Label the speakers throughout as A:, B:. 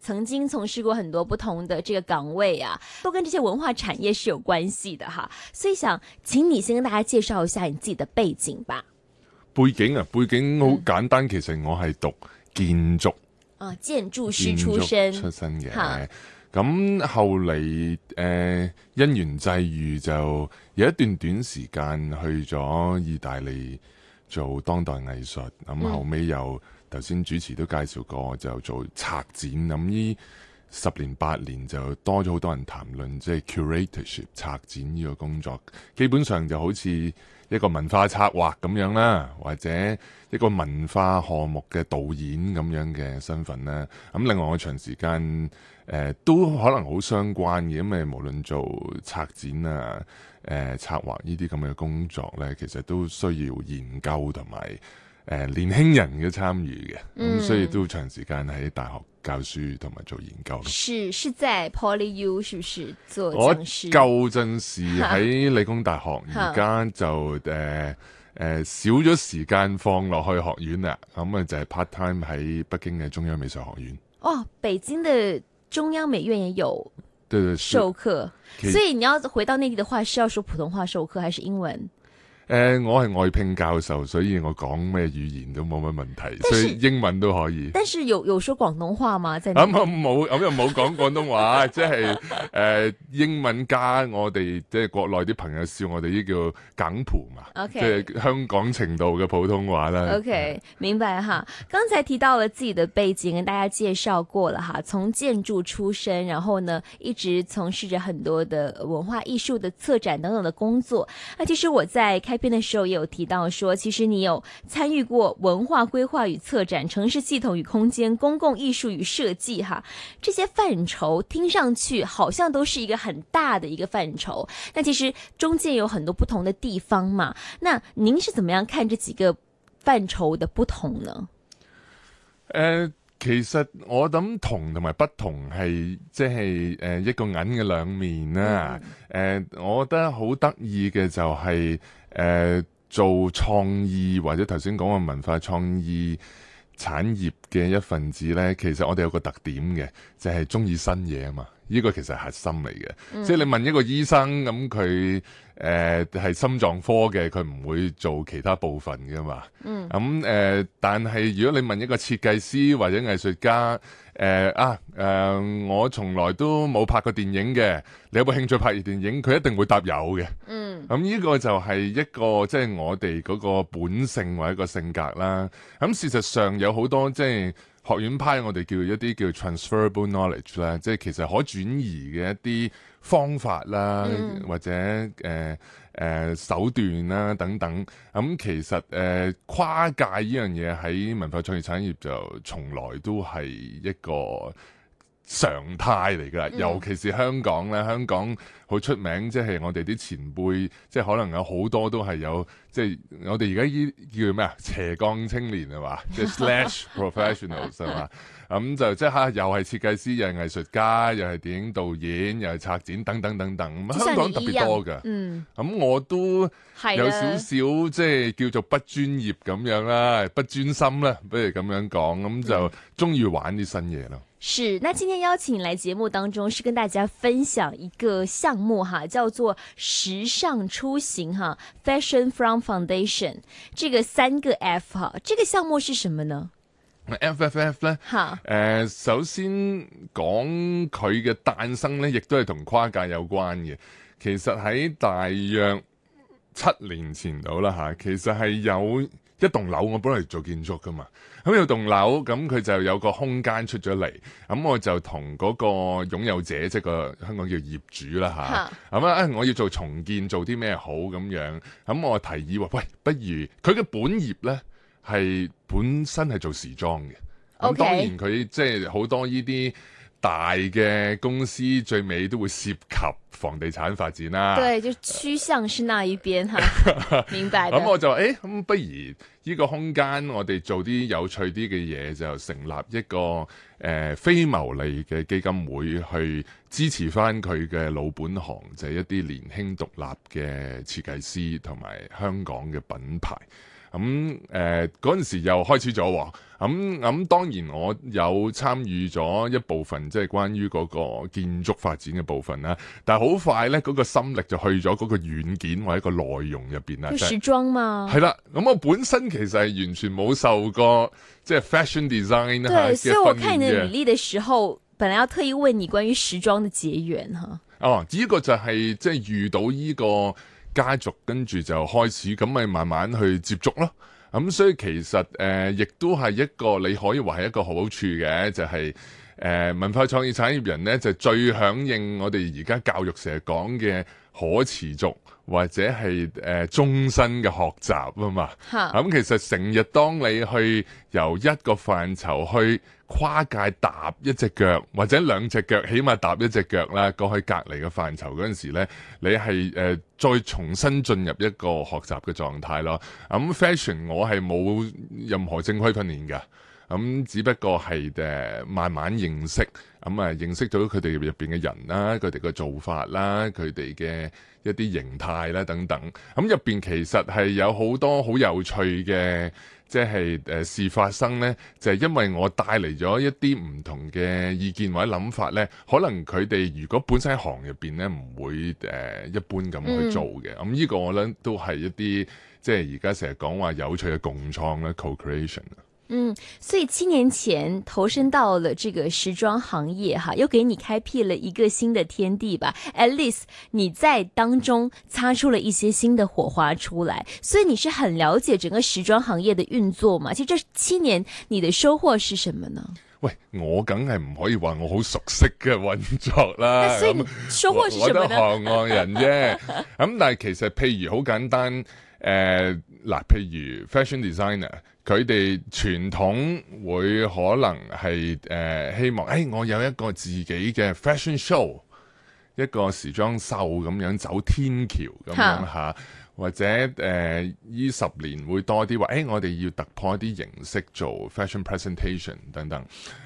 A: 曾經從事過很多不同的這個崗位啊，都跟這些文化產業是有關係的哈、啊，所以想請你先跟大家介紹一下你自己的背景吧。
B: 背景啊，背景好簡單，嗯、其實我係讀建築，
A: 啊，建築師出身出身嘅。咁、啊
B: 嗯嗯、後嚟誒、呃，因緣際遇就有一段短時間去咗意大利做當代藝術，咁後尾又。嗯頭先主持都介紹過，就做策展。咁呢十年八年就多咗好多人談論，即、就、係、是、curatorship 策展呢個工作。基本上就好似一個文化策劃咁樣啦，或者一個文化項目嘅導演咁樣嘅身份啦。咁另外我長時間誒、呃、都可能好相關嘅，因為無論做策展啊、誒、呃、策劃呢啲咁嘅工作呢，其實都需要研究同埋。誒，年輕人嘅參與嘅，咁、嗯嗯、所以都長時間喺大學教書同埋做研究。是，
A: 是在 PolyU，是不是做？我舊
B: 陣時喺理工大學，而家哈就誒誒哈、呃呃、少咗時間放落去學院啦。咁、嗯、啊、嗯嗯、就係、是、part time 喺北京嘅中央美術學院。
A: 哦，北京嘅中央美院也有，
B: 對授
A: 課。所以你要回到內地嘅話，是要說普通話授課，還是英文？
B: 誒、呃，我係外聘教授，所以我講咩語言都冇乜問題，是所以英文都可以。但
A: 是有有說廣東話嗎？在冇
B: 冇冇，又冇講廣東話，即係、 就是呃、英文加我哋即係國內啲朋友笑我哋呢叫港普嘛，即係 Okay. 香港程度嘅普通話啦。
A: OK，明白哈。剛才提到了自己的背景，跟大家介紹過了哈，從建築出身，然後呢一直從事着很多的文化藝術的策展等等的工作。那其實我在邊的時候也有提到說，其實你有參與過文化規劃與策展、城市系統與空間、公共藝術與設計，哈，這些範疇聽上去好像都是一個很大的一個範疇，但其實中間有很多不同的地方嘛。那您是怎麼樣看這幾個範疇的不同呢？誒、
B: 呃，其實我諗同同埋不同係即係誒一個銀嘅兩面啦。誒、嗯呃，我覺得好得意嘅就係、是。誒、呃，做創意或者頭先講嘅文化創意產業嘅一份子呢，其實我哋有個特點嘅，就係中意新嘢啊嘛，呢、這個其實係核心嚟嘅。嗯、即係你問一個醫生咁，佢誒係心臟科嘅，佢唔會做其他部分噶嘛。嗯。咁誒、嗯呃，但係如果你問一個設計師或者藝術家。誒、呃、啊！誒、呃，我從來都冇拍過電影嘅，你有冇興趣拍電影？佢一定會答有嘅。嗯，咁呢、嗯這個就係一個即係、就是、我哋嗰個本性或者個性格啦。咁、嗯、事實上有好多即係、就是、學院派，我哋叫一啲叫 transferable knowledge 啦，即、就、係、是、其實可轉移嘅一啲方法啦，嗯、或者誒。呃誒手段啦等等，咁其實誒跨界呢樣嘢喺文化創意產業就從來都係一個常態嚟㗎，嗯、尤其是香港咧，香港好出名，即係我哋啲前輩，即係可能有好多都係有，即係我哋而家呢叫咩啊？斜槓青年係嘛，即係 Slash Professionals 係嘛。 咁、嗯、就即刻、啊、又係設計師，又係藝術家，又係電影導演，又係策展等等等等。香港特別多噶。嗯。咁、嗯嗯、我都有少少的即係叫做不專業咁樣啦，不專心啦，不如咁樣講。咁、嗯嗯、就中意玩啲新嘢咯。
A: 是。那今天邀請你來節目當中，是跟大家分享一個項目哈，叫做時尚出行哈、啊，Fashion From Foundation，這個三個 F 哈、啊，這個項目是什麼呢？
B: F F F 咧，誒首先講佢嘅誕生咧，亦都係同跨界有關嘅。其實喺大約七年前度啦吓，其實係有一棟樓，我本來做建築噶嘛，咁有棟樓，咁佢就有個空間出咗嚟，咁我就同嗰個擁有者，即係個香港叫業主啦吓，咁好啊我要做重建，做啲咩好咁樣，咁我提議話，喂，不如佢嘅本業咧。係本身係做時裝嘅，咁當然佢即係好多呢啲大嘅公司，最尾都會涉及房地產發展啦。對，
A: 就趨向是那一邊哈， 明白。咁 我
B: 就誒，咁、欸、不如呢個空間，我哋做啲有趣啲嘅嘢，就成立一個誒、呃、非牟利嘅基金會，去支持翻佢嘅老本行，就係、一啲年輕獨立嘅設計師同埋香港嘅品牌。咁誒嗰陣時又開始咗，咁、嗯、咁、嗯、當然我有參與咗一部分，即係關於嗰個建築發展嘅部分啦。但好快咧，嗰個心力就去咗嗰個軟件或者個內容入邊，啦。時
A: 裝嘛，係啦。
B: 咁、嗯、我本身其實係完全冇受過即係 fashion design。對，所以我看你的履歷
A: 的時候，本來要特意問你關於時裝的結緣哈。
B: 哦、啊，依、這個就係、是、即係遇到呢、這個。家族跟住就開始咁咪慢慢去接觸咯，咁、嗯、所以其實誒、呃，亦都係一個你可以話係一個好處嘅，就係、是、誒、呃、文化創意產業人呢，就是、最響應我哋而家教育成日講嘅，可持續或者係誒、呃、終身嘅學習啊嘛，咁、 嗯、其實成日當你去由一個範疇去跨界踏一隻腳或者兩隻腳，起碼踏一隻腳啦，過去隔籬嘅範疇嗰陣時呢，你係誒、呃、再重新進入一個學習嘅狀態咯。咁、嗯、 fashion 我係冇任何正規訓練㗎。咁只不過係誒，慢慢認識，咁啊認識到佢哋入面嘅人啦，佢哋嘅做法啦，佢哋嘅一啲形態啦等等。咁入面其實係有好多好有趣嘅，即係事發生呢，就係、是、因為我帶嚟咗一啲唔同嘅意見或者諗法呢。可能佢哋如果本身喺行入面、嗯、呢，唔會誒一般咁去做嘅。咁呢個我諗都係一啲即係而家成日講話有趣嘅共創啦 co-creation
A: 嗯，所以七年前投身到了這個時裝行業，哈，又給你開闢了一個新的天地吧。At least 你在當中擦出了一些新的火花出來，所以你是很了解整個時裝行業的運作嘛？其實這七年你的收穫是什麼呢？
B: 喂，我梗係唔可以話我好熟悉嘅運作啦。啊、所以收穫是什麼呢？嗯、我，我都行外人啫。咁、 嗯、但係其實譬如好簡單，誒、呃、嗱，譬如 fashion designer。佢哋傳統會可能係、呃、希望，誒、哎、我有一個自己嘅 fashion show，一個時裝秀咁樣走天橋咁樣下，啊、或者誒、呃、呢十年會多啲話，誒、哎、我哋要突破一啲形式做 fashion presentation 等等。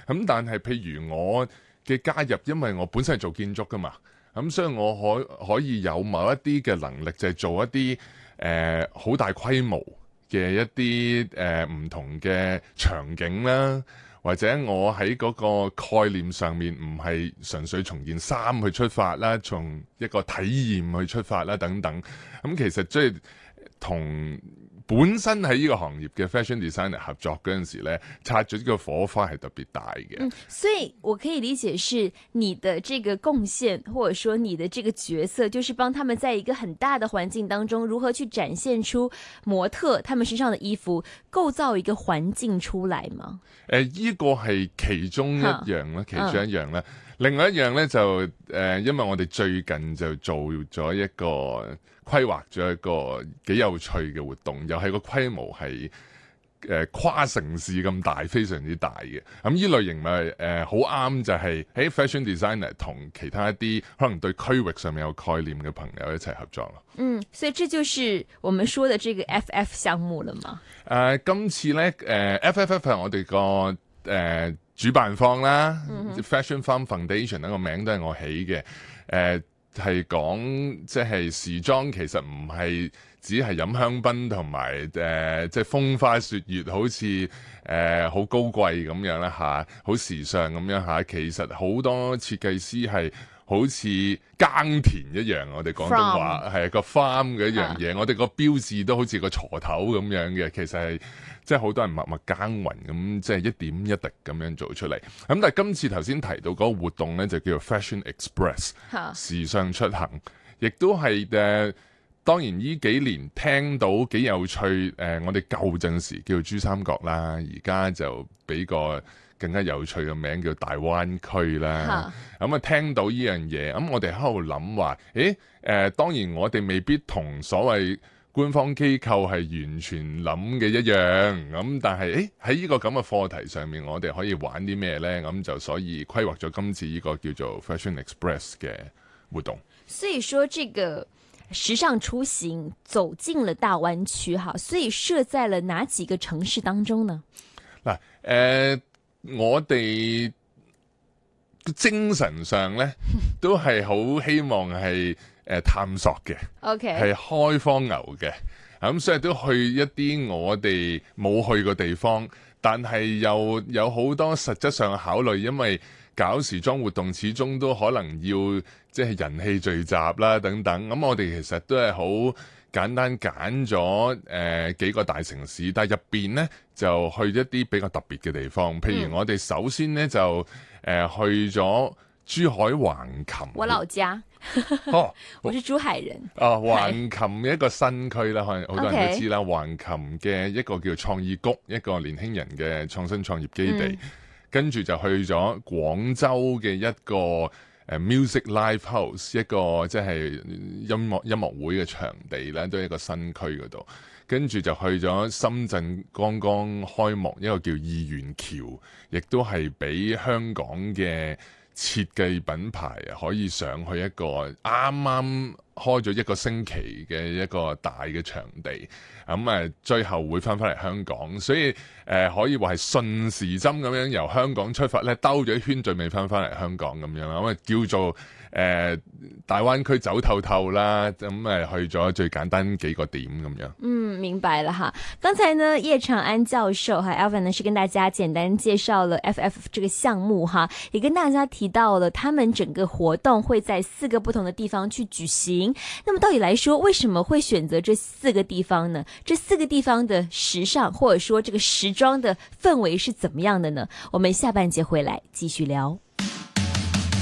B: 咁、嗯、但係譬如我嘅加入，因為我本身係做建築噶嘛，咁、嗯、所以我可可以有某一啲嘅能力，就係做一啲誒好大規模。嘅一啲誒唔同嘅場景啦，或者我喺嗰個概念上面唔係純粹從件衫去出發啦，從一個體驗去出發啦等等，咁、嗯、其實即係同。本身喺呢個行業嘅 fashion designer 合作嗰陣時咧，擦咗呢個火花係特別大嘅、嗯。
A: 所以我可以理解是你的這個貢獻，或者說你的這個角色，就是幫他們在一個很大的環境當中，如何去展現出模特他們身上的衣服，構造一個環境出來嘛？
B: 誒、呃，呢、這個係其中一樣好其中一樣、嗯另外一樣咧就誒、呃，因為我哋最近就做咗一個規劃，咗一個幾有趣嘅活動，又係個規模係誒、呃、跨城市咁大，非常之大嘅。咁、嗯、呢類型咪誒好啱，呃、就係喺 fashion designer 同其他一啲可能對區域上面有概念嘅朋友一齊合作咯。嗯，
A: 所以這就是我們說的這個 FF 項目啦嘛。
B: 誒、呃，今次咧誒，FFF 係我哋個誒。呃主辦方啦、mm hmm.，Fashion Farm Foundation 呢個名都係我起嘅，誒係講即係時裝其實唔係只係飲香檳同埋誒即風花雪月好像，好似誒好高貴咁樣啦嚇，好、啊、時尚咁樣嚇、啊，其實好多設計師係。好似耕田一樣，我哋廣東話係 From, 個 farm 嘅一樣嘢。Yeah. 我哋個標誌都好似個鋤頭咁樣嘅，其實係即係好多人默默耕耘咁，即係一點一滴咁樣做出嚟。咁但係今次頭先提到嗰個活動呢，就叫做 Fashion Express 時尚出行，亦 Yeah. 都係誒、呃、當然呢幾年聽到幾有趣誒、呃，我哋舊陣時叫珠三角啦，而家就俾個更加有趣嘅名叫大灣區啦，咁啊哈、嗯、聽到呢樣嘢，咁、嗯、我哋喺度諗話，誒、欸，誒、呃，當然我哋未必同所謂官方機構係完全諗嘅一樣，咁、嗯、但係，誒喺呢個咁嘅課題上面，我哋可以玩啲咩呢？咁、嗯、就所以規劃咗今次呢個叫做 Fashion Express 嘅活動。
A: 所以說，這個時尚出行走進了大灣區，哈，所以設在了哪幾個城市當中呢？
B: 嗱，誒、呃。我哋精神上呢都係好希望係誒探索嘅，OK，係開荒牛嘅，咁、嗯、所以都去一啲我哋冇去過的地方，但係又有好多實質上嘅考慮，因為搞時裝活動始終都可能要即係人氣聚集啦等等，咁、嗯、我哋其實都係好。簡單揀咗誒幾個大城市，但入面呢就去一啲比較特別嘅地方。譬如我哋首先呢就誒去咗珠海橫琴。
A: 我老家，呵
B: 呵我係珠海人。啊、呃，是橫琴嘅一個新區啦，可能好多人都知啦。Okay，橫琴嘅一個叫創意谷，一個年輕人嘅創新創業基地。嗯、跟住就去咗廣州嘅一個 Music Live House 一個即係音樂音樂會嘅場地咧，都係一個新區嗰度，跟住就去咗深圳，剛剛開幕一個叫二元橋，亦都係畀香港嘅。設計品牌可以上去一個啱啱開咗一個星期嘅一個大嘅場地，咁誒最後會翻返嚟香港，所以誒可以話係順時針咁樣由香港出發咧兜咗一圈，最尾翻返嚟香港咁樣啦，咁啊叫做。呃大灣區走透透啦，咁誒去咗最簡單幾個點咁樣。
A: 嗯，明白了哈。剛才呢葉長安教授哈，Alvin 呢是跟大家簡單介紹了 FF 這個項目哈，也跟大家提到了他們整個活動會在四個不同的地方去舉行。那麼到底來說，為什麼會選擇這四個地方呢？這四個地方的時尚或者說這個時裝的氛圍是怎麼樣的呢？我們下半節回來繼續聊。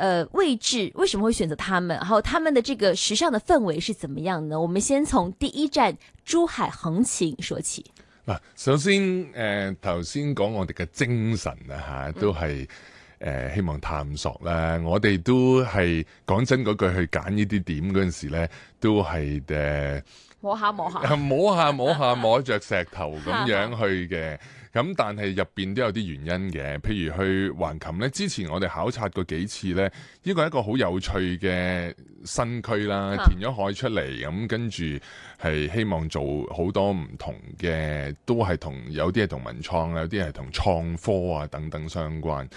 A: 誒、呃，位置為什麼會選擇他們？然後他們的這個時尚的氛圍是怎麼樣呢？我們先從第一站珠海橫琴說起。
B: 嗱，首先誒，頭先講我哋嘅精神啊，吓都係誒、呃、希望探索啦。嗯、我哋都係講真嗰句，去揀呢啲點嗰陣時咧，都係誒、呃、
A: 摸下摸下，
B: 摸下摸下摸着石頭咁樣去嘅。 咁但係入面都有啲原因嘅，譬如去橫琴呢，之前我哋考察過幾次呢，呢個係一個好有趣嘅新區啦，填咗海出嚟，咁跟住係希望做好多唔同嘅，都係同有啲係同文創，有啲係同創科啊等等相關。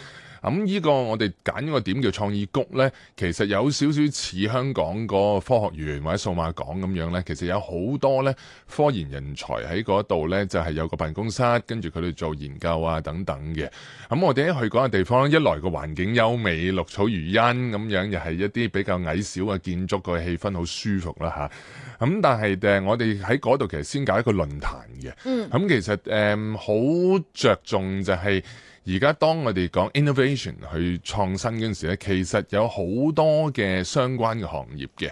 B: 咁呢、嗯這個我哋揀個個點叫創意谷呢？其實有少少似香港個科學園或者數碼港咁樣呢。其實有好多呢科研人才喺嗰度呢，就係、是、有個辦公室，跟住佢哋做研究啊等等嘅。咁、嗯、我哋一去嗰個地方，一來個環境優美，綠草如茵咁樣，又係一啲比較矮小嘅建築，個氣氛好舒服啦、啊、嚇。咁、嗯、但係我哋喺嗰度其實先搞一個論壇嘅，咁、嗯嗯、其實誒好、嗯、着重就係、是。而家當我哋講 innovation 去創新嗰陣時咧，其實有好多嘅相關嘅行業嘅，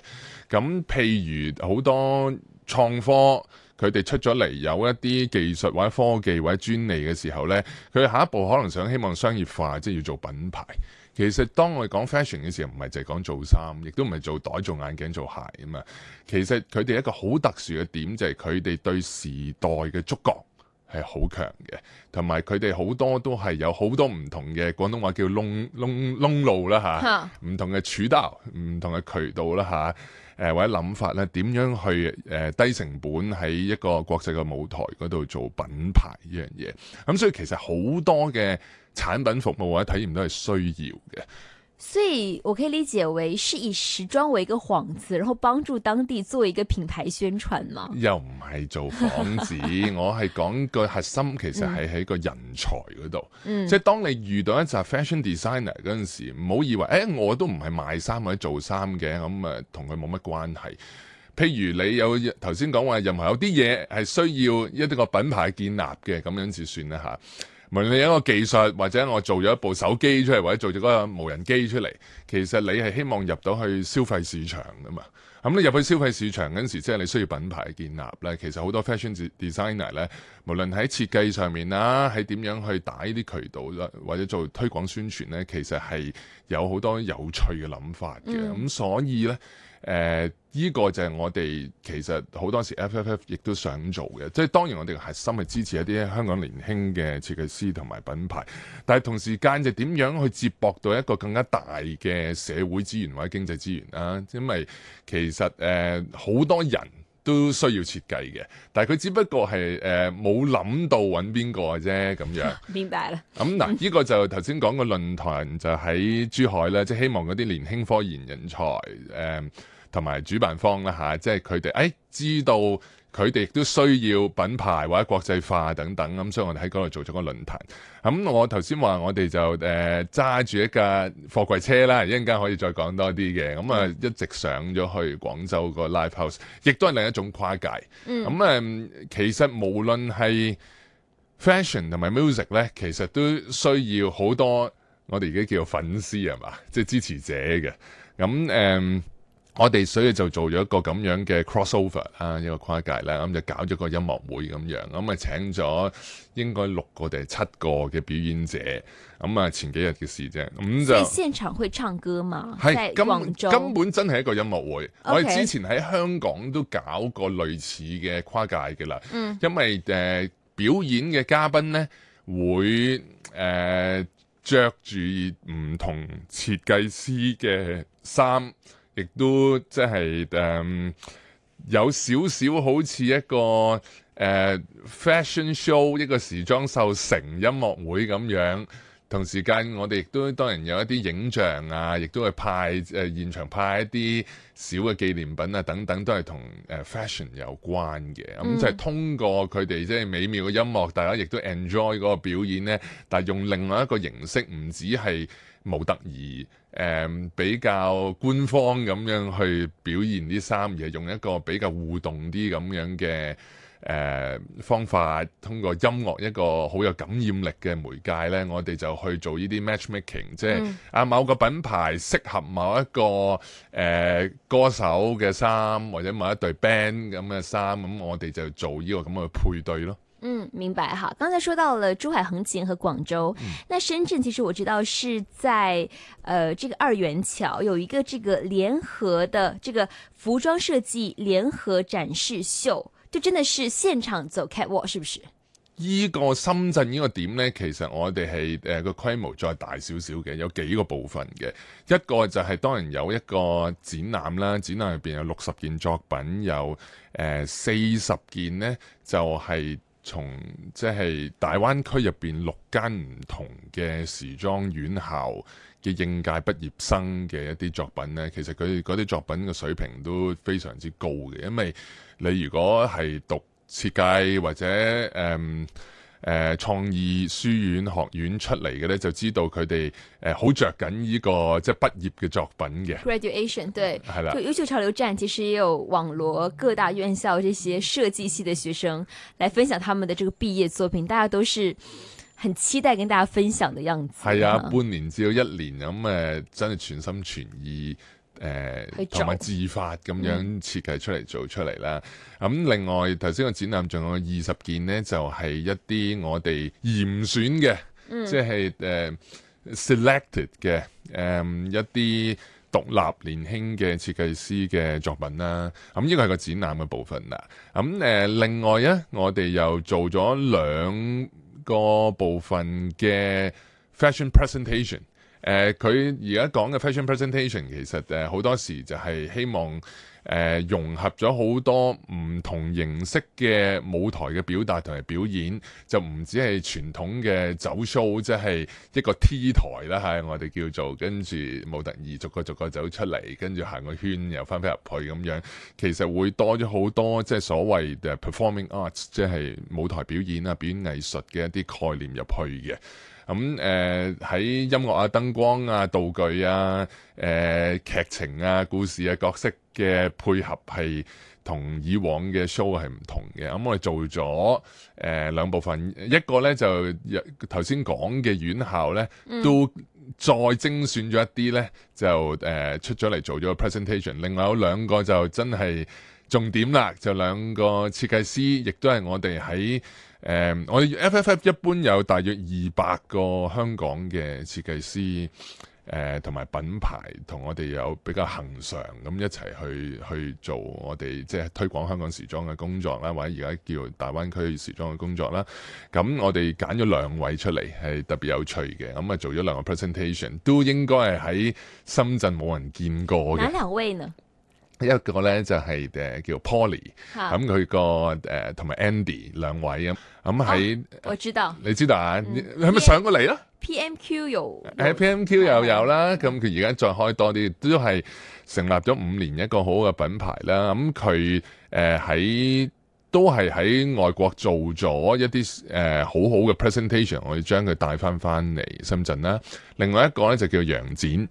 B: 咁譬如好多創科，佢哋出咗嚟有一啲技術或者科技或者專利嘅時候呢，佢下一步可能想希望商業化，即係要做品牌。其實當我哋講 fashion 嘅時候，唔係淨係講做衫，亦都唔係做袋、做眼鏡、做鞋啊嘛。其實佢哋一個好特殊嘅點就係佢哋對時代嘅觸覺。係好強嘅，同埋佢哋好多都係有好多唔同嘅廣東話叫窿窿窿路啦嚇，唔同嘅渠道、唔同嘅渠道啦嚇，誒或者諗法咧，點樣去誒低成本喺一個國際嘅舞台嗰度做品牌呢樣嘢？咁所以其實好多嘅產品服務或者體驗都係需要嘅。
A: 所以我可以理解為是以時裝為一個幌子，然後幫助當地做一個品牌宣傳嘛？
B: 又唔係做幌子， 我係講個核心其實係喺個人才嗰度。嗯，即係當你遇到一集 fashion designer 嗰陣時候，唔好、嗯、以為誒、欸、我都唔係賣衫或者做衫嘅，咁誒同佢冇乜關係。譬如你有頭先講話，任何有啲嘢係需要一啲個品牌建立嘅，咁樣就算啦吓。無論你有一個技術，或者我做咗一部手機出嚟，或者做咗嗰個無人機出嚟，其實你係希望入到去消費市場噶嘛？咁你入去消費市場嗰陣時，即係你需要品牌建立咧。其實好多 fashion designer 咧，無論喺設計上面啊，喺點樣去打呢啲渠道啦，或者做推廣宣傳咧，其實係有好多有趣嘅諗法嘅。咁所以咧。誒，呢、呃這個就係我哋其實好多時 FFF 亦都想做嘅，即、就、係、是、當然我哋核心係支持一啲香港年輕嘅設計師同埋品牌，但係同時間就點樣去接駁到一個更加大嘅社會資源或者經濟資源啊？因為其實誒好、呃、多人都需要設計嘅，但係佢只不過係誒冇諗到揾邊個啫，咁樣變大啦？咁嗱白、嗯，呢、呃這個就頭先講個論壇就喺珠海啦，即、就、係、是、希望嗰啲年輕科研人才誒。呃同埋主辦方啦吓、啊，即係佢哋誒知道佢哋亦都需要品牌或者國際化等等咁，所以我哋喺嗰度做咗個論壇，咁、嗯、我頭先話我哋就誒揸住一架貨櫃車啦，一陣間可以再講多啲嘅。咁、嗯、啊、嗯、一直上咗去廣州個 live house，亦都係另一種跨界。咁、嗯、誒、嗯嗯，其實無論係 fashion 同埋 music 咧，其實都需要好多我哋而家叫粉絲啊嘛，即係、就是、支持者嘅。咁、嗯、誒。嗯我哋所以就做咗一個咁樣嘅 crossover 啊，一個跨界啦，咁、嗯、就搞咗個音樂會咁樣，咁、嗯、啊請咗應該六個定係七個嘅表演者，咁、嗯、啊前幾日嘅事啫，咁、嗯、就現
A: 場會唱歌嘛，係根本州根本
B: 真係一個音樂會。Okay. 我哋之前喺香港都搞過類似嘅跨界嘅啦，嗯，因為誒、呃、表演嘅嘉賓咧會誒、呃、着住唔同設計師嘅衫。亦都即係誒有少少好似一個誒、呃、fashion show 一個時裝秀成音樂會咁樣，同時間我哋亦都當然有一啲影像啊，亦都係派誒、呃、現場派一啲小嘅紀念品啊等等，都係同誒 fashion 有關嘅。咁、嗯、就係通過佢哋即係美妙嘅音樂，大家亦都 enjoy 嗰個表演咧，但係用另外一個形式，唔止係。冇得意誒、嗯、比較官方咁樣去表現啲衫，而係用一個比較互動啲咁樣嘅誒、嗯、方法，通過音樂一個好有感染力嘅媒介咧，我哋就去做呢啲 matchmaking，即係啊某個品牌適合某一個誒、嗯、歌手嘅衫，或者某一隊 band 咁嘅衫，咁、嗯、我哋就做呢個咁嘅配對咯。
A: 嗯，明白哈。剛才說到了珠海橫琴和廣州，嗯、那深圳其實我知道是在，誒、呃，這個二元橋有一個這個聯合的這個服裝設計聯合展示秀，就真的是現場走 catwalk，是不是？
B: 呢個深圳呢個點呢？其實我哋係誒個規模再大少少嘅，有幾個部分嘅，一個就係、是、當然有一個展覽啦，展覽入邊有六十件作品，有誒四十件呢就係、是。從即係大灣區入邊六間唔同嘅時裝院校嘅應屆畢業生嘅一啲作品呢，其實佢哋嗰啲作品嘅水平都非常之高嘅，因為你如果係讀設計或者誒、嗯。誒、呃、創意書院學院出嚟嘅呢，就知道佢哋誒好著緊呢、這個即係畢業嘅作品嘅。
A: Graduation，對，係啦。 就優秀潮流站其實也有網羅各大院校這些設計系嘅學生，來分享他們的這個畢業作品。大家都是很期待跟大家分享嘅樣子。係啊，半
B: 年至到一年咁誒、嗯呃，真係全心全意。誒，同埋、呃、自發咁樣設計出嚟做出嚟啦。咁、嗯嗯、另外頭先個展覽仲有二十件呢，就係、是、一啲我哋嚴選嘅，即係誒 selected 嘅誒、um，一啲獨立年輕嘅設計師嘅作品啦。咁呢個係個展覽嘅部分啦。咁、嗯、誒、呃、另外咧，我哋又做咗兩個部分嘅 fashion presentation。誒佢而家講嘅 fashion presentation 其實誒好、呃、多時就係希望誒、呃、融合咗好多唔同形式嘅舞台嘅表達同埋表演，就唔止係傳統嘅走 show，即係一個 T 台啦，係、啊、我哋叫做跟住模特兒逐個逐個走出嚟，跟住行個圈又翻返入去咁樣。其實會多咗好多即係、就是、所謂嘅 performing arts，即係舞台表演啊、表演藝術嘅一啲概念入去嘅。咁誒喺音樂啊、燈光啊、道具啊、誒劇情啊、故事啊、角色嘅配合係同以往嘅 show 係唔同嘅。咁、嗯、我哋做咗誒兩部分，一個咧就頭先講嘅院校咧都再精選咗一啲咧就誒、呃、出咗嚟做咗 presentation。另外有兩個就真係重點啦，就兩個設計師，亦都係我哋喺。誒，uh, 我哋 FFF 一般有大約二百個香港嘅設計師，誒同埋品牌，同我哋有比較恒常咁一齊去去做我哋即係推廣香港時裝嘅工作啦，或者而家叫大灣區時裝嘅工作啦。咁我哋揀咗兩位出嚟係特別有趣嘅，咁啊做咗兩個 presentation，都應該係喺深圳冇人見過嘅。
A: 兩位呢？
B: 一個咧就係誒叫 Polly，咁佢個、啊、誒同埋、呃、Andy 兩位咁，咁、嗯、喺我知道你知道啊？你係咪、嗯、上過嚟咯
A: ？PMQ 有喺
B: PMQ 又有啦，咁佢而家再開多啲，都係成立咗五年一個好好嘅品牌啦。咁佢誒喺都係喺外國做咗一啲誒、呃、好好嘅 presentation，我哋將佢帶翻翻嚟深圳啦。另外一個咧就叫楊展。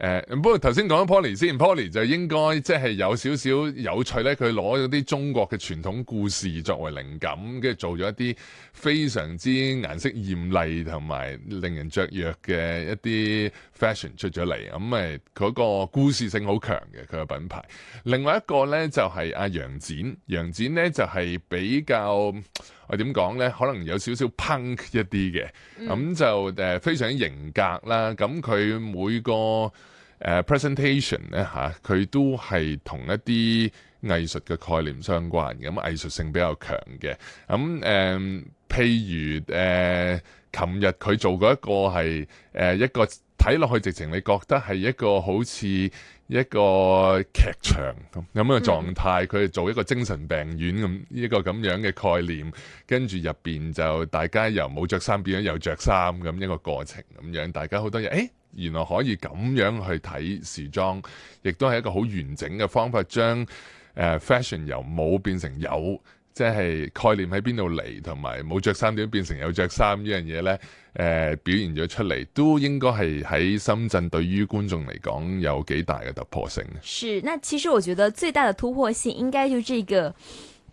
B: 誒、呃、不過頭先講咗 Polly 先，Polly 就應該即係有少少有趣咧，佢攞咗啲中國嘅傳統故事作為靈感，跟住做咗一啲非常之顏色豔麗同埋令人雀躍嘅一啲 fashion 出咗嚟。咁誒嗰個故事性好強嘅佢個品牌。另外一個咧就係、是、阿、啊、楊展，楊展咧就係比較我點講咧，可能有少少 punk 一啲嘅，咁就誒非常型格啦。咁佢每個 Uh, presentation 咧、啊、佢都係同一啲藝術嘅概念相關，咁、嗯、藝術性比較強嘅。咁、嗯、譬如誒，琴日佢做過一個係誒、呃、一個睇落去直情你覺得係一個好似一個劇場咁咁嘅狀態，佢係、嗯、做一個精神病院咁一個咁樣嘅概念，跟住入面就大家由冇着衫變咗有着衫咁一個過程咁樣，大家好多嘢誒。欸原來可以咁樣去睇時裝，亦都係一個好完整嘅方法，將誒 fashion 由冇變成有，即係概念喺邊度嚟，同埋冇着衫點變成有着衫呢樣嘢呢，誒表現咗出嚟，都應該係喺深圳對於觀眾嚟講有幾大嘅突破性。
A: 是，那其實我覺得最大的突破性應該就是這個。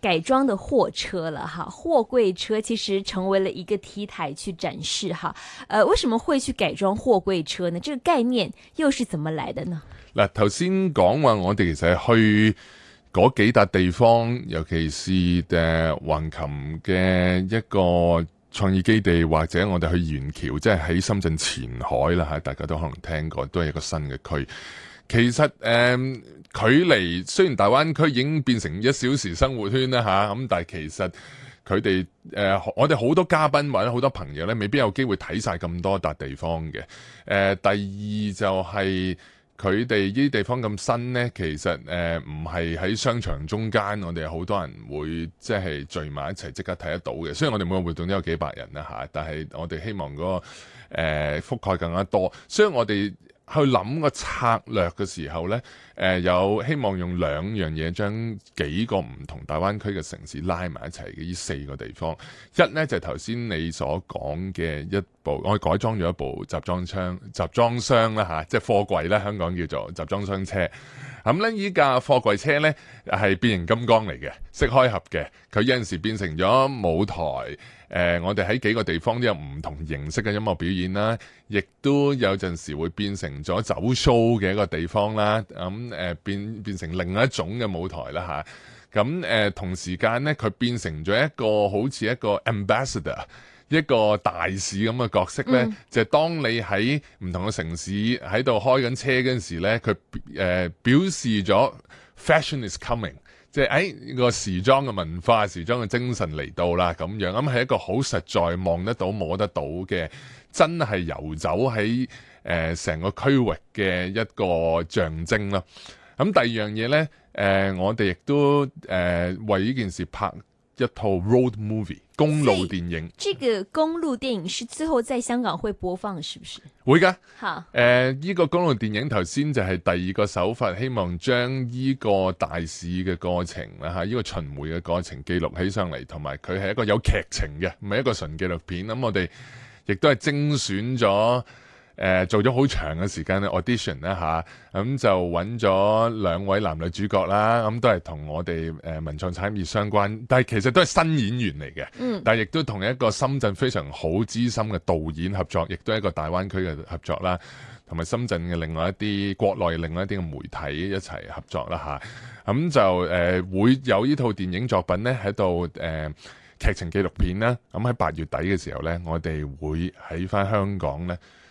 A: 改裝的貨車了哈，貨櫃車其實成為了一個 T 台去展示哈，呃，為什麼會去改裝貨櫃車呢？這個概念又是怎麼來的呢？
B: 嗱，頭先講話我哋其實去嗰幾笪地方，尤其是誒橫琴嘅一個創意基地，或者我哋去元橋，即係喺深圳前海啦吓，大家都可能聽過，都係一個新嘅區。其實誒、嗯，距離雖然大灣區已經變成一小時生活圈啦吓，咁、啊、但係其實佢哋誒，我哋好多嘉賓或者好多朋友咧，未必有機會睇晒咁多笪地方嘅。誒、啊，第二就係佢哋呢啲地方咁新咧，其實誒唔係喺商場中間，我哋好多人會即係、就是、聚埋一齊即刻睇得到嘅。雖然我哋每個活動都有幾百人啦吓、啊，但係我哋希望嗰、那個誒、啊、覆蓋更加多，雖然我哋。去諗個策略嘅時候呢，誒、呃、有希望用兩樣嘢將幾個唔同大灣區嘅城市拉埋一齊嘅。呢四個地方，一呢，就頭、是、先你所講嘅一部，我改裝咗一部集裝箱，集裝箱啦、啊、即係貨櫃呢，香港叫做集裝箱車。咁呢架貨櫃車呢係變形金剛嚟嘅，識開合嘅。佢有陣時變成咗舞台，誒、呃，我哋喺幾個地方都有唔同形式嘅音樂表演啦，亦都有陣時會變成咗走 show 嘅一個地方啦。咁、呃、誒，變變成另一種嘅舞台啦，咁、啊呃、同時間呢，佢變成咗一個好似一個 ambassador。一個大使咁嘅角色呢，嗯、就係當你喺唔同嘅城市喺度開緊車嗰陣時呢，佢誒、呃、表示咗 fashion is coming，即係誒個時裝嘅文化、時裝嘅精神嚟到啦咁樣，咁係一個好實在望得到、摸得到嘅，真係遊走喺誒成個區域嘅一個象徵啦。咁、嗯、第二樣嘢呢，誒、呃、我哋亦都誒、呃、為呢件事拍，一套 road movie 公路電影，
A: 這個公路電影是之後在香港會播放的，是不是？會噶的。好，
B: 誒、呃，呢、這個公路電影頭先就係第二個手法，希望將呢個大使嘅過程啦，吓、啊、呢、這個巡迴嘅過程記錄起上嚟，同埋佢係一個有劇情嘅，唔係一個純紀錄片。咁、嗯、我哋亦都係精選咗。誒、呃、做咗好長嘅時間咧，audition 啦、啊、吓，咁、嗯、就揾咗兩位男女主角啦，咁、啊、都係同我哋、呃、文創產業相關，但係其實都係新演員嚟嘅，嗯，但係亦都同一個深圳非常好資深嘅導演合作，亦都係一個大灣區嘅合作啦，同、啊、埋深圳嘅另外一啲國內另外一啲嘅媒體一齊合作啦吓，咁、啊嗯、就誒、呃、會有呢套電影作品呢喺度、呃、劇情紀錄片啦，咁喺八月底嘅時候呢，我哋會喺翻香港呢。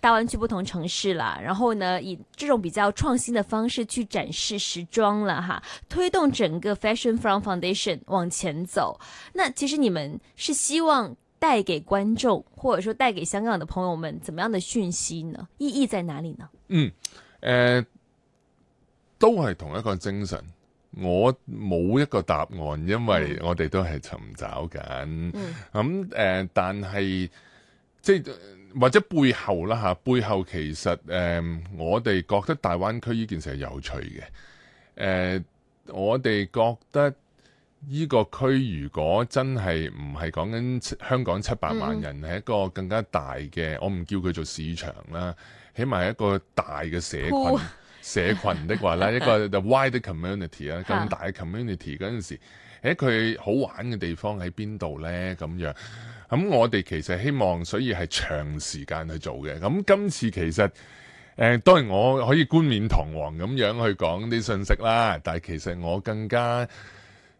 A: 大灣區不同城市啦，然後呢，以這種比較創新的方式去展示時裝了哈，推動整個 Fashion From Foundation 往前走。那其實你們是希望帶給觀眾，或者說帶給香港的朋友們，怎麼樣的訊息呢？意義在哪裏呢？嗯，誒、
B: 呃，都係同一個精神。我冇一個答案，因為我哋都係尋找緊。咁誒、嗯嗯呃，但係即係。呃或者背後啦嚇，背後其實誒，我哋覺得大灣區呢件事係有趣嘅。誒，我哋覺得呢個區如果真係唔係講緊香港七百萬人，係一個更加大嘅，嗯、我唔叫佢做市場啦，起碼係一個大嘅社群。社群的話咧，一個 wide community 啊 commun，咁大 community 嗰陣時，喺佢好玩嘅地方喺邊度咧，咁樣。咁、嗯、我哋其實希望，所以係長時間去做嘅。咁、嗯、今次其實，誒、呃，當然我可以冠冕堂皇咁樣去講啲信息啦。但係其實我更加誒、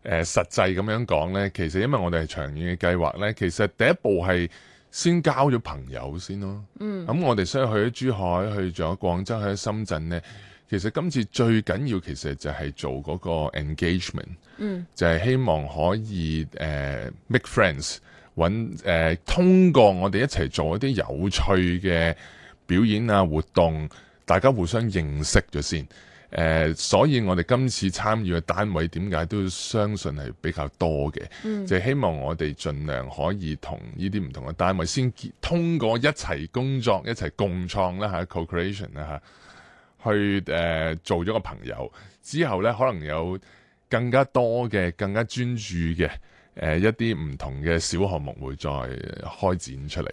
B: 呃、實際咁樣講呢，其實因為我哋係長遠嘅計劃呢。其實第一步係先交咗朋友先咯。嗯。咁、嗯、我哋所以去咗珠海、去咗廣州、去咗深圳呢。其實今次最緊要其實就係做嗰個 engagement，嗯，就係希望可以誒、呃、make friends。揾誒，通過我哋一齊做一啲有趣嘅表演啊、活動，大家互相認識咗先誒、呃，所以我哋今次參與嘅單位點解都相信係比較多嘅，嗯、就係希望我哋盡量可以同呢啲唔同嘅單位先通過一齊工作一齊共創啦嚇、啊、co-creation 啦、啊、嚇，去誒、啊、做咗個朋友之後咧，可能有更加多嘅更加專注嘅。呃、一啲唔同嘅小項目會再開展出嚟。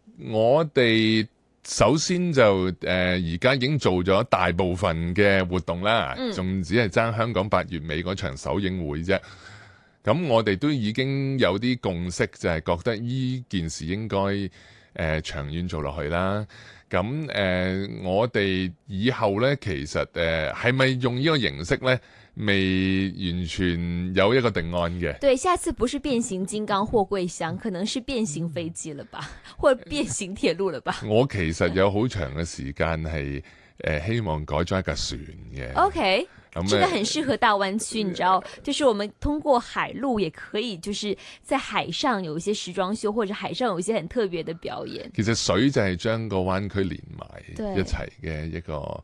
B: 我哋首先就誒，而、呃、家已經做咗大部分嘅活動啦，仲、嗯、只係爭香港八月尾嗰場首映會啫。咁我哋都已經有啲共識，就係、是、覺得依件事應該誒、呃、長遠做落去啦。咁、呃、我哋以後呢，其實誒係咪用呢個形式呢？未完全有一個定案嘅。
A: 對，下次不是變形金剛貨櫃箱，可能是變形飛機了吧，嗯、或者變形鐵路了吧。
B: 我其實有好長嘅時間係誒希望改裝一架船嘅。
A: OK，咁那真個很適合大灣區，你知道，就是我們通過海路，也可以，就是在海上有一些時裝秀，或者海上有一些很特別的表演。
B: 其實水就係將個灣區連埋一齊嘅一個。